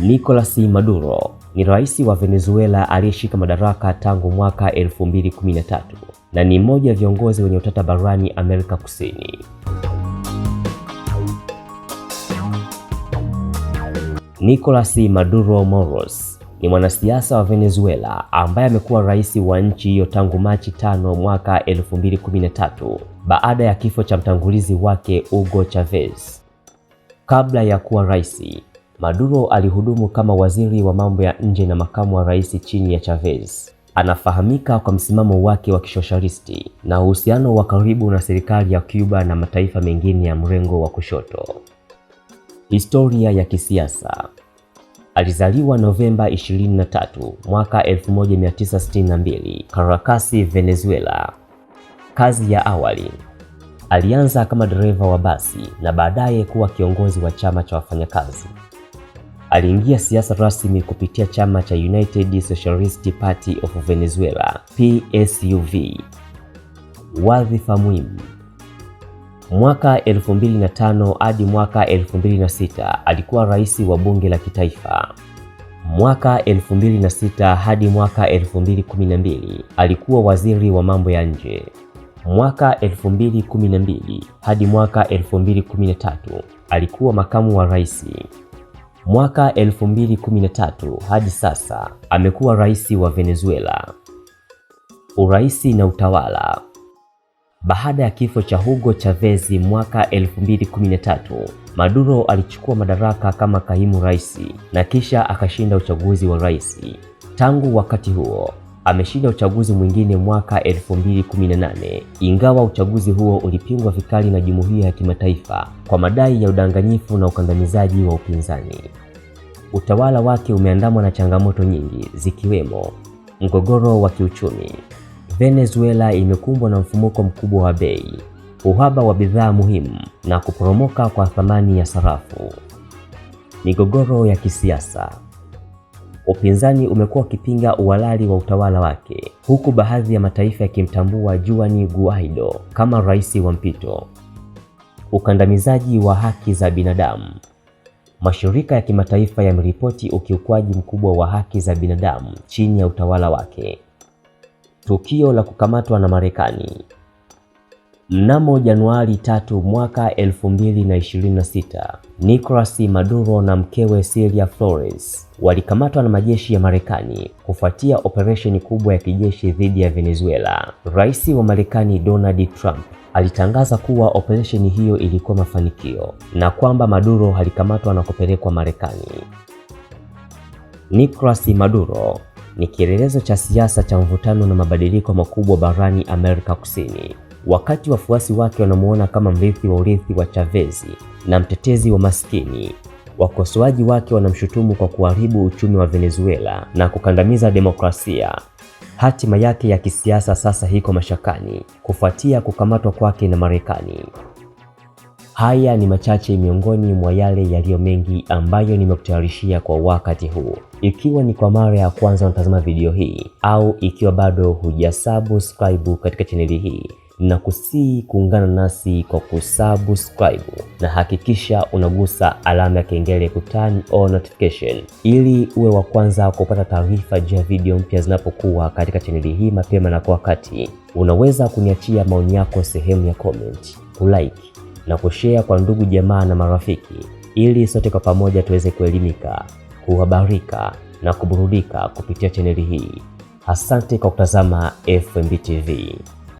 Nicolas Maduro ni rais wa Venezuela aliyeshika madaraka tangu mwaka 2013 na ni mmoja wa viongozi wenye utata barani Amerika Kusini. Nicolas Maduro Moros ni mwanasiasa wa Venezuela ambaye amekuwa rais wa nchi hiyo tangu Machi tano mwaka 2013 baada ya kifo cha mtangulizi wake Hugo Chavez. Kabla ya kuwa rais Maduro alihudumu kama waziri wa mambo ya nje na makamu wa rais chini ya Chavez. Anafahamika kwa msimamo wake wa kishoshalisti na uhusiano wa karibu na serikali ya Cuba na mataifa mengine ya mrengo wa kushoto. Historia ya kisiasa. Alizaliwa Novemba 23 mwaka 1962 Caracas, Venezuela. Kazi ya awali. Alianza kama dereva wa basi na baadaye kuwa kiongozi wa chama cha wafanyakazi aliingia siasa rasmi kupitia chama cha United Socialist Party of Venezuela PSUV. Wadhifa muhimu Mwaka 2005 hadi mwaka 2006 alikuwa rais wa bunge la kitaifa. Mwaka 2006 hadi mwaka 2012 alikuwa waziri wa mambo ya nje. Mwaka 2012 hadi mwaka 2013 alikuwa makamu wa rais. Mwaka 2013 hadi sasa amekuwa rais wa Venezuela. Uraisi na utawala. Baada ya kifo cha Hugo Chavez mwaka 2013, Maduro alichukua madaraka kama kaimu rais na kisha akashinda uchaguzi wa rais. Tangu wakati huo, ameshinda uchaguzi mwingine mwaka 2018 ingawa uchaguzi huo ulipingwa vikali na jumuiya ya kimataifa kwa madai ya udanganyifu na ukandamizaji wa upinzani. Utawala wake umeandamwa na changamoto nyingi zikiwemo mgogoro wa kiuchumi. Venezuela imekumbwa na mfumuko mkubwa wa bei, uhaba wa bidhaa muhimu na kuporomoka kwa thamani ya sarafu. Migogoro ya kisiasa Upinzani umekuwa ukipinga uhalali wa utawala wake, huku baadhi ya mataifa yakimtambua Juan Guaido kama rais wa mpito. Ukandamizaji wa haki za binadamu. Mashirika ya kimataifa yameripoti ukiukwaji mkubwa wa haki za binadamu chini ya utawala wake. Tukio la kukamatwa na Marekani. Mnamo Januari tatu mwaka 2026, Nicolas Maduro na mkewe Celia Flores walikamatwa na majeshi ya Marekani kufuatia operesheni kubwa ya kijeshi dhidi ya Venezuela. Rais wa Marekani Donald Trump alitangaza kuwa operesheni hiyo ilikuwa mafanikio na kwamba Maduro alikamatwa na kupelekwa Marekani. Nicolas Maduro ni kielelezo cha siasa cha mvutano na mabadiliko makubwa barani Amerika Kusini wakati wafuasi wake wanamuona kama mrithi wa urithi wa Chavez na mtetezi wa maskini. Wakosoaji wake wanamshutumu kwa kuharibu uchumi wa Venezuela na kukandamiza demokrasia. Hatima yake ya kisiasa sasa iko mashakani kufuatia kukamatwa kwake na Marekani. Haya ni machache miongoni mwa yale yaliyo mengi ambayo nimekutayarishia kwa wakati huu. Ikiwa ni kwa mara ya kwanza unatazama video hii au ikiwa bado hujasubscribe katika chaneli hii, kusii kuungana nasi kwa kusubscribe na hakikisha unagusa alama ya kengele ku turn on notification ili uwe wa kwanza kupata taarifa juu ya video mpya zinapokuwa katika chaneli hii mapema na kwa wakati. Unaweza kuniachia maoni yako sehemu ya comment, kulike na kushare kwa ndugu jamaa na marafiki, ili sote kwa pamoja tuweze kuelimika, kuhabarika na kuburudika kupitia chaneli hii. Asante kwa kutazama FMB TV.